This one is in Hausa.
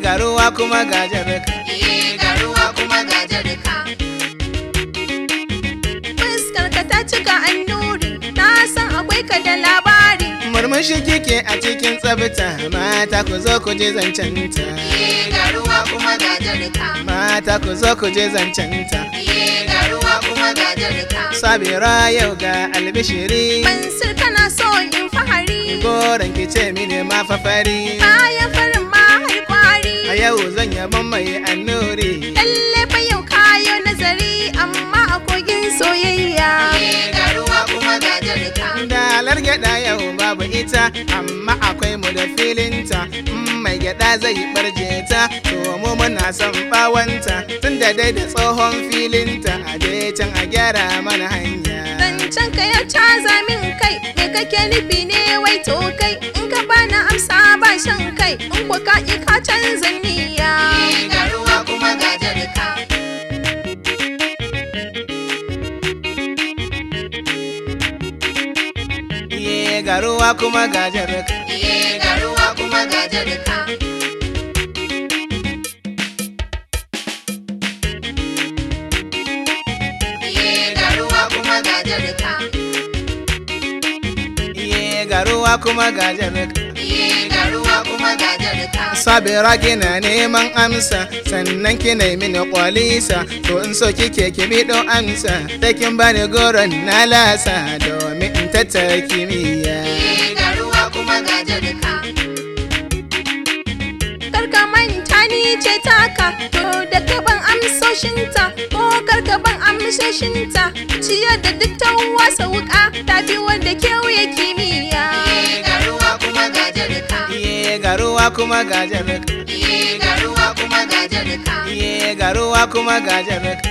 garuwa kuma gajar ka. garuwa kuma gajar ka. Fuskar ka ta cika annuri, na san akwai ka da labari. Murmushi kike a cikin tsabta, mata ku zo ku je zancen ta. garuwa kuma gajar ka. Mata ku zo ku je zancen ta. sabira yau ga albishiri bansu tana so in fahari goron ki ce mini ma fafari bayan farin ma haikwari a yau zan yaban mai annuri lalle fa yau kayo nazari amma a kogin soyayya ruwa kuma ga dalar gyada yau babu ita amma akwai mu da filinta mm, mai gyada zai barje ta to mu muna son bawanta da dai da tsohon gyara mana hanya zancen ka ya caza min kai me kake nufi ne wai to kai in ka bani amsa ba shan kai in ku ka ka canza niyya iye garuwa kuma gajar ka. Ye garuwa kuma ka. iye garuwa kuma ka. garuwa kuma ga jarka sabira kina neman amsa sannan kina mini kwalisa to in so kike ki bi don amsa da kin bani goron na lasa domin tattara kimiyya eh, karka manta ni ce taka to da gaban amsoshinta ko ban amsoshinta ciyar da duk ta wasa wuka ta fi wanda kewaye kimiyya kuma gajar ka. Iye garuwa kuma gajar ka. Iye garuwa kuma gajar